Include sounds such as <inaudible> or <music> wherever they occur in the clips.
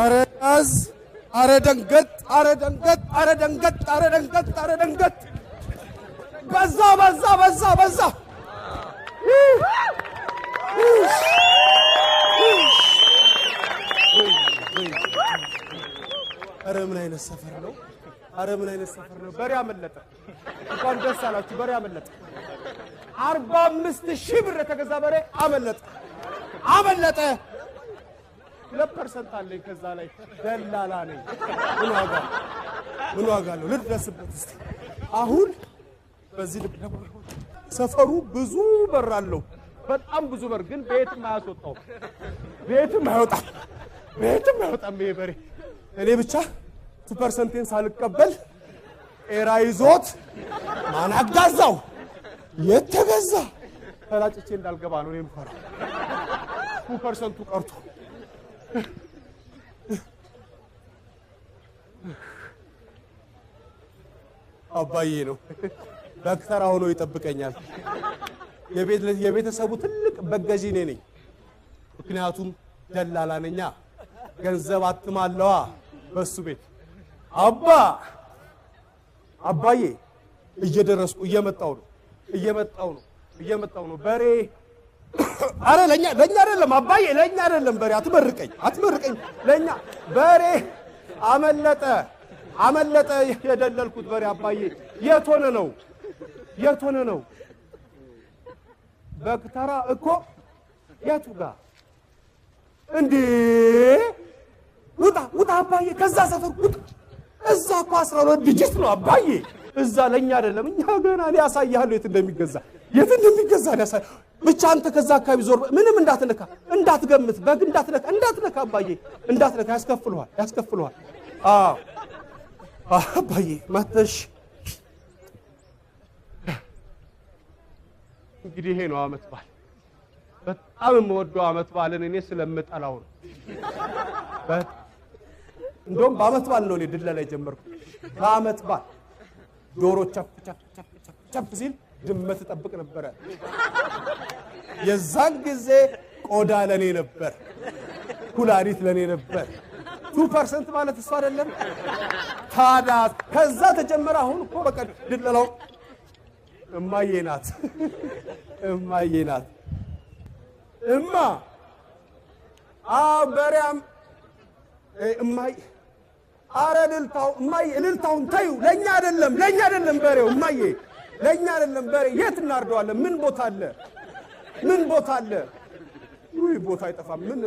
አረ ያዝ፣ አረ ደንገጥ፣ አረ ደንገጥ፣ አረ ደንገጥ፣ አረ ደንገጥ፣ አረ ደንገጥ። በዛ በዛ በዛ በዛ አረ ምን አይነት ሰፈር ነው? አረ ምን አይነት ሰፈር ነው? በሬ አመለጠ። እንኳን ደስ አላችሁ። በሬ አመለጠ። አርባ አምስት ሺህ ብር የተገዛ በሬ አመለጠ አመለጠ። ሁለት ፐርሰንት አለኝ። ከዛ ላይ ደላላ ነኝ። ምን ዋጋ ምን ዋጋ አለው? ልድረስበት እስቲ። አሁን በዚህ ልብ ሰፈሩ ብዙ በር አለው፣ በጣም ብዙ በር። ግን ቤትም አያስወጣው፣ ቤትም አይወጣም፣ ቤትም አይወጣም ይሄ በሬ። እኔ ብቻ ቱ ፐርሰንቴን ሳልቀበል ኤራ ይዞት ማን አጋዛው የተገዛ ተላጭቼ እንዳልገባ ነው እኔ የምፈራው። ቱ ፐርሰንቱ ቀርቶ አባዬ ነው። በክተራ ሆኖ ይጠብቀኛል። የቤተሰቡ ትልቅ በገዢ እኔ ነኝ። ምክንያቱም ደላላ ነኛ። ገንዘብ አትማለዋ በሱ ቤት አባ አባዬ እየደረስኩ እየመጣው ነው እየመጣው ነው እየመጣው ነው በሬ አረ ለኛ ለኛ አይደለም አባዬ ለኛ አይደለም በሬ አትመርቀኝ አትመርቀኝ ለኛ በሬ አመለጠ አመለጠ የደለልኩት በሬ አባዬ የት ሆነ ነው የት ሆነ ነው በግ ተራ እኮ የቱ ጋር እንዴ ውጣ ውጣ አባዬ ከዛ ሰፈር ውጣ እዛ እኮ አስራ ሁለት ዲጂት ነው አባዬ እዛ ለኛ አይደለም እኛ ገና ሊያሳያለሁ የት እንደሚገዛ የት እንደሚገዛ ሊያሳይ ብቻ አንተ ከዛ አካባቢ ዞር፣ ምንም እንዳትነካ፣ እንዳትገምት፣ በግ እንዳትነካ፣ እንዳትነካ፣ አባዬ እንዳትነካ። ያስከፍልኋል፣ ያስከፍልኋል። አባዬ መተሽ እንግዲህ ይሄ ነው ዓመት በዓል። በጣም የምወደው ዓመት በዓልን እኔ ስለምጠላው ነው። እንደውም በዓመት በዓል ነው እኔ ላይ ጀመርኩ። በዓመት በዓል ዶሮ ቻፍ ቻፍ ቻፍ ሲል ድመት እጠብቅ ነበረ። የዛን ጊዜ ቆዳ ለኔ ነበር፣ ኩላሊት ለኔ ነበር። ቱ ፐርሰንት ማለት እሱ አይደለም ታዳ ከዛ ተጀመረ። አሁን እኮ በቀ ድለለው እማዬ ናት፣ እማዬ ናት። እማ አዎ፣ በሪያም እማይ አረ እልልታው እማዬ፣ እልልታውን ተይው። ለኛ አይደለም ለኛ አይደለም በሬው እማዬ ለእኛ አይደለም። በሬ የት እናርደዋለን? ምን ቦታ አለ? ምን ቦታ አለ? ውይ ቦታ አይጠፋም። ምን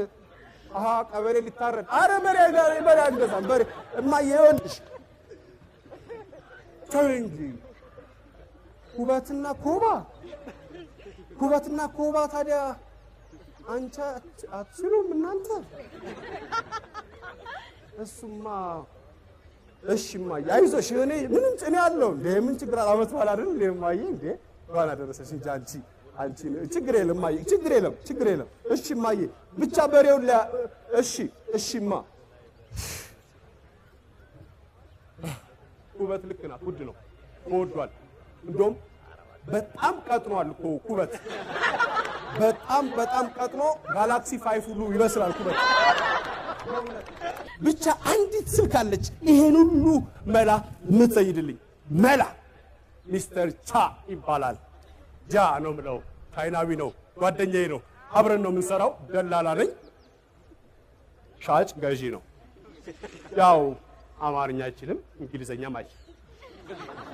አሃ ቀበሌ ሊታረድ አረ በሬ በሬ በሬ አንገዛም። በሬ እማዬ ይኸውልሽ ተው እንጂ ኩበትና ኮባ ኩበትና ኮባ ታዲያ አንቺ አትችሉም እናንተ እሱማ እሺ እማዬ አይዞሽ፣ እኔ ምንም ጭኔ አለው እንዴ ምን ችግር አለ። አመት በዓል አይደል እንዴ እማዬ? እንዴ እንኳን አደረሰሽ እንጂ አንቺ አንቺ ችግር የለም እማዬ፣ ችግር የለም፣ ችግር የለም። እሺ እማዬ፣ ብቻ በሬውን ላይ እሺ፣ እሺማ። ኩበት ልክ ናት፣ ውድ ነው፣ ተወዷል። እንደውም በጣም ቀጥኗል እኮ ኩበት፣ በጣም በጣም ቀጥኖ ጋላክሲ ፋይፍ ሁሉ ይመስላል ኩበት ብቻ አንዲት ስልክ አለች፣ ይሄን ሁሉ መላ ምትሰይድልኝ መላ። ሚስተር ቻ ይባላል። ጃ ነው ምለው። ቻይናዊ ነው፣ ጓደኛዬ ነው። አብረን ነው የምንሰራው። ደላላ ነኝ፣ ሻጭ ገዢ ነው። ያው አማርኛ አይችልም፣ እንግሊዘኛ አይችልም።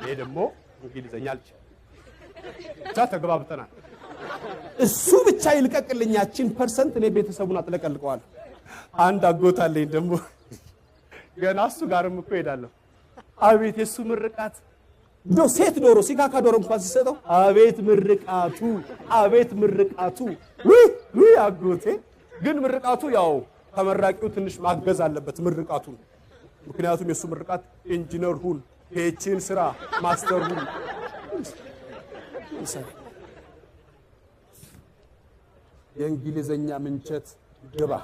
ይሄ ደግሞ እንግሊዘኛ አልችልም። ብቻ ተግባብተናል። እሱ ብቻ ይልቀቅልኛችን ፐርሰንት እኔ ቤተሰቡን አጥለቀልቀዋል። አንድ አጎት አለኝ ደግሞ ገና እሱ ጋርም እኮ ሄዳለሁ። አቤት የሱ ምርቃት ዶ ሴት ዶሮ ሲካካ ዶሮ እንኳን ሲሰጠው አቤት ምርቃቱ፣ አቤት ምርቃቱ ውይ አጎቴ። ግን ምርቃቱ ያው ተመራቂው ትንሽ ማገዝ አለበት ምርቃቱ። ምክንያቱም የሱ ምርቃት ኢንጂነር ሁን፣ ፔችን ስራ፣ ማስተር ሁን የእንግሊዘኛ ምንቸት 对吧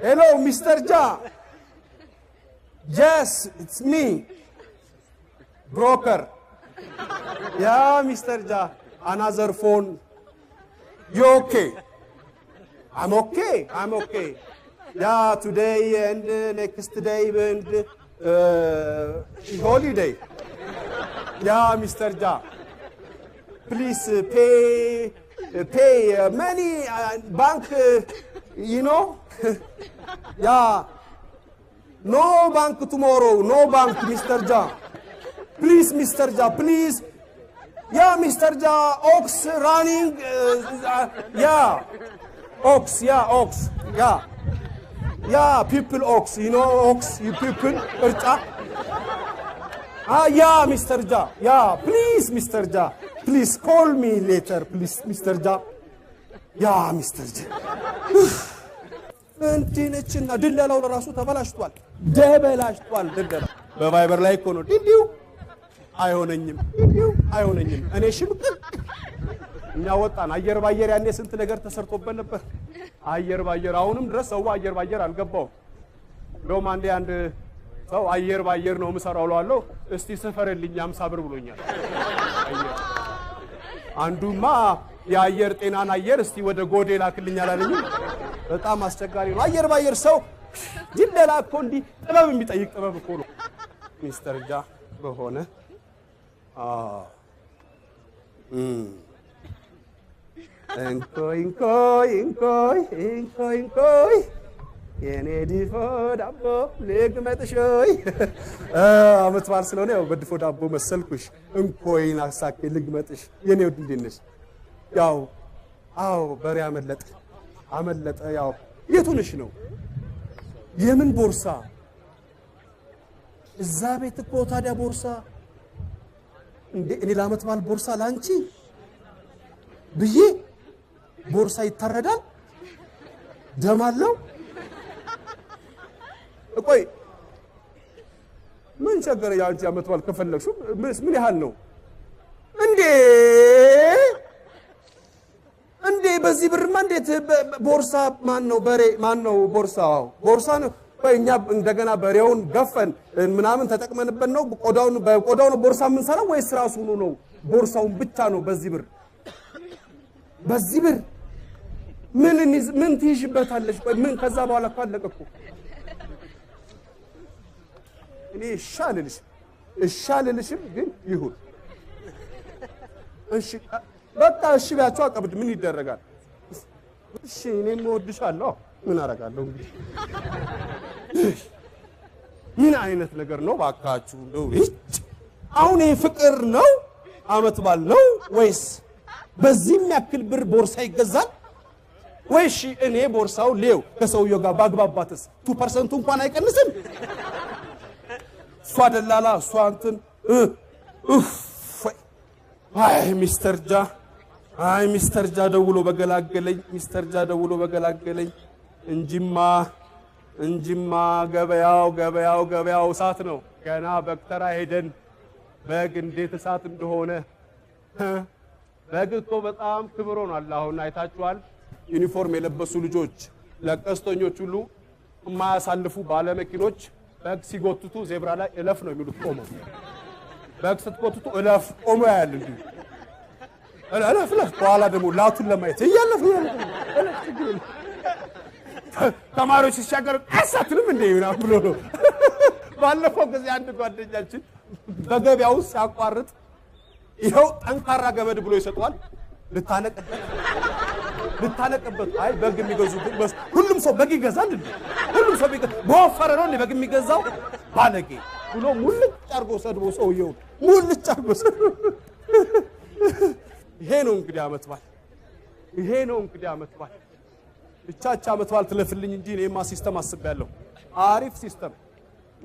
？Hello, Mr. Ja. Yes, it's me. Broker. Yeah, Mr. Ja. Another phone. You okay? I'm okay. I'm okay. Yeah, today and uh, next day and uh, holiday. Yeah, Mr. Ja. please uh, pay uh, pay uh, money uh, bank uh, you know <laughs> yeah no bank tomorrow no bank mr ja please mr ja please yeah mr ja ox running uh, uh, yeah ox yeah ox yeah yeah people ox you know ox you people Ah, yeah, Mr. Ja. Yeah, please, Mr. Ja. Please call me later, please, Mr. Jha. ያ ሚስተር ጄ እንዴ ድለላው ለራሱ ተበላሽቷል፣ ደበላሽቷል። ድለላ በቫይበር ላይ እኮ ነው። እንዲሁ አይሆነኝም፣ እንዲሁ አይሆነኝም። እኔ ሽምቅል እኛ ወጣን። አየር ባየር ያኔ ስንት ነገር ተሰርቶበት ነበር። አየር ባየር አሁንም ድረስ ሰው አየር ባየር አልገባውም። እንደውም አንዴ አንድ ሰው አየር ባየር ነው የምሰራው እለዋለሁ። እስቲ ስፈርልኝ አምሳ ብር ብሎኛል። አንዱማ የአየር ጤናን አየር እስቲ ወደ ጎዴ ላክልኝ አላለኝ። በጣም አስቸጋሪ ነው። አየር ባየር ሰው ዲለላ እኮ እንዲህ ጥበብ የሚጠይቅ ጥበብ እኮ ነው። ሚስተር ጃ በሆነ እንኮይ እንኮይ እንኮይ እንኮይ እንኮይ የኔ ዲፎ ዳቦ ልግመጥሽ አመት በዓል ስለሆነ ያው በድፎ ዳቦ መሰልኩሽ እንኮይን አሳኬ ልግመጥሽ የኔ ውድ እንዴት ነሽ? ያው አዎ በሬ አመለጠ አመለጠ ያው ነው የምን ቦርሳ እዛ ቤት እኮ ታዲያ ቦርሳ እንዴ እኔ ለአመት በዓል ቦርሳ ላንቺ ብዬ ቦርሳ ይታረዳል ደም አለው እቆይ ምን ቸገረ? የአንቺ አመት በዓል ከፈለግሽው ምን ያህል ነው እንዴ? እንዴ በዚህ ብርማ እንዴት ቦርሳ ማን ነው በሬ ማን ነው ቦርሳ ቦርሳ ነው እኛ እንደገና በሬውን ገፈን ምናምን ተጠቅመንበት ነው ቆዳውን በቆዳው ነው ቦርሳ የምንሰራው ወይስ ራሱ ሆኖ ነው ቦርሳውን ብቻ ነው በዚህ ብር በዚህ ብር ምን ምን ትይዥበታለሽ ምን ከዛ በኋላ እኮ አለቀ እኮ እኔ እሺ አልልሽም፣ እሺ አልልሽም፣ ግን ይሁን። እሺ በቃ እሺ ቢያቸው አቀብድ ምን ይደረጋል? እሺ እኔም እወድሻለሁ። ምን አረጋለሁ እንግዲህ። ምን አይነት ነገር ነው ባካችሁ? እንደው አሁን ይሄ ፍቅር ነው አመት ባል ነው ወይስ በዚህም ያክል ብር ቦርሳ ይገዛል? ወይ እኔ ቦርሳው ሌው ከሰውየው ጋር ባግባባትስ ቱ ፐርሰንቱ እንኳን አይቀንስም? እሷ ደላላ፣ እሷ እንትን አይ ሚስተር ጃ አይ ሚስተር ጃ ደውሎ በገላገለኝ፣ ሚስተር ጃ ደውሎ በገላገለኝ። እንጂማ እንጂማ ገበያው ገበያው ገበያው እሳት ነው። ገና በክተራ ሄደን በግ እንዴት እሳት እንደሆነ በግ እኮ በጣም ክብር ሆኗል። አሁን አይታችኋል። ዩኒፎርም የለበሱ ልጆች ለቀስተኞች ሁሉ የማያሳልፉ ባለመኪኖች በግ ሲጎትቱ ዜብራ ላይ እለፍ ነው የሚሉት። ቆሞ በግ ስትጎትቱ እለፍ ቆሞ ያያል እንዲ እለፍ እለፍ። በኋላ ደግሞ ላቱን ለማየት እያለፍ ተማሪዎች ሲሻገር አሳትንም እንደ ይሆና ብሎ ነው። ባለፈው ጊዜ አንድ ጓደኛችን በገበያ ውስጥ ሲያቋርጥ ይኸው ጠንካራ ገመድ ብሎ ይሰጠዋል ልታነቅ ብታለቅበት አይ በግ የሚገዙ ግን ሁሉም ሰው በግ ይገዛል እንዴ? ሁሉም ሰው በወፈረ ነው በግ የሚገዛው? ባለጌ ብሎ ሙልጭ አርጎ ሰድቦ ሰውየውን ሙልጭ አርጎ ሰድቦ። ይሄ ነው እንግዲህ ዓመት በዓል፣ ይሄ ነው እንግዲህ ዓመት በዓል። ብቻቻ ዓመት በዓል ትለፍልኝ እንጂ እኔማ ሲስተም አስቤያለሁ። አሪፍ ሲስተም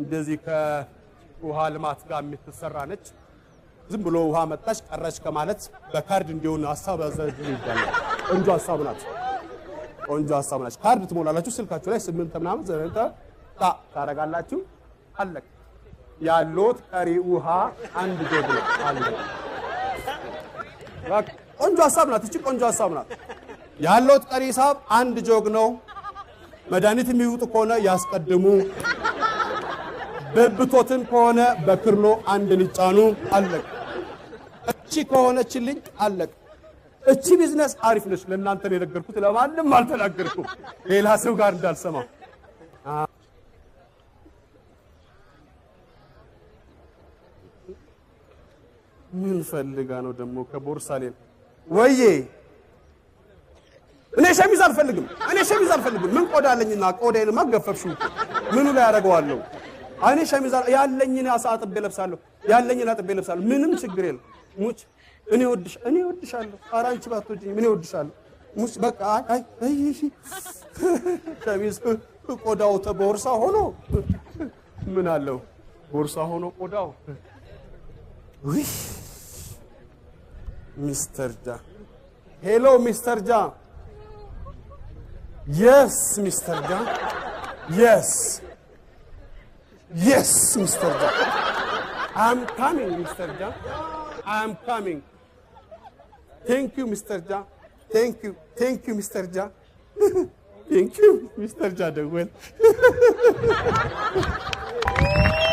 እንደዚህ ከውሃ ልማት ጋር የምትሰራ ነች። ዝም ብሎ ውሃ መጣች ቀረች ከማለት በካርድ እንዲሆን ሀሳብ አዘጋጅ ይባላል። ቆንጆ ሀሳብ ናት። ቆንጆ ሀሳብ ናት። ካርድ ትሞላላችሁ። ስልካችሁ ላይ ስምንት ምናምን ዘረንተ ታ ታረጋላችሁ። አለቅ ያሎት ቀሪ ውሃ አንድ ጎድ ነው። ቆንጆ ሀሳብ ናት። እቺ ቆንጆ ሀሳብ ናት። ያሎት ቀሪ ሂሳብ አንድ ጆግ ነው። መድኃኒት የሚውጡ ከሆነ ያስቀድሙ። ብብቶትን ከሆነ በክርሎ አንድ ሊጫኑ። አለቅ እቺ ከሆነችልኝ አለቅ እቺ ቢዝነስ አሪፍ ነች። ለእናንተ ነው የነገርኩት፣ ለማንም አልተናገርኩም። ሌላ ሰው ጋር እንዳልሰማ። ምን ፈልጋ ነው ደግሞ ከቦርሳ ላይ ወዬ? እኔ ሸሚዝ አልፈልግም፣ እኔ ሸሚዝ አልፈልግም። ምን ቆዳ አለኝና ቆዳዬንማ ገፈፍሽው። ምኑ ላይ አደርገዋለሁ? እኔ ሸሚዝ ያለኝን አጥቤ ለብሳለሁ፣ ያለኝን አጥቤ ለብሳለሁ። ምንም ችግር የለም ሙች እኔ ወድሽ እኔ ወድሻለሁ። ኧረ አንቺ ባትወጂኝ እኔ ወድሻለሁ። ሙስ በቃ አይ አይ እሺ፣ ሸሚዝ ቆዳው ተቦርሳ ሆኖ ምን አለው? ቦርሳ ሆኖ ቆዳው ውይ ሚስተር ጃ ሄሎ ሚስተር ጃ የስ ሚስተር ጃ የስ የስ ሚስተር ጃ አም ካሚንግ ሚስተር ጃ አም ካሚንግ Thank you, Mr. Ja. Thank you. Thank you, Mr. Ja. <laughs> Thank you, Mr. Jadawal. <laughs>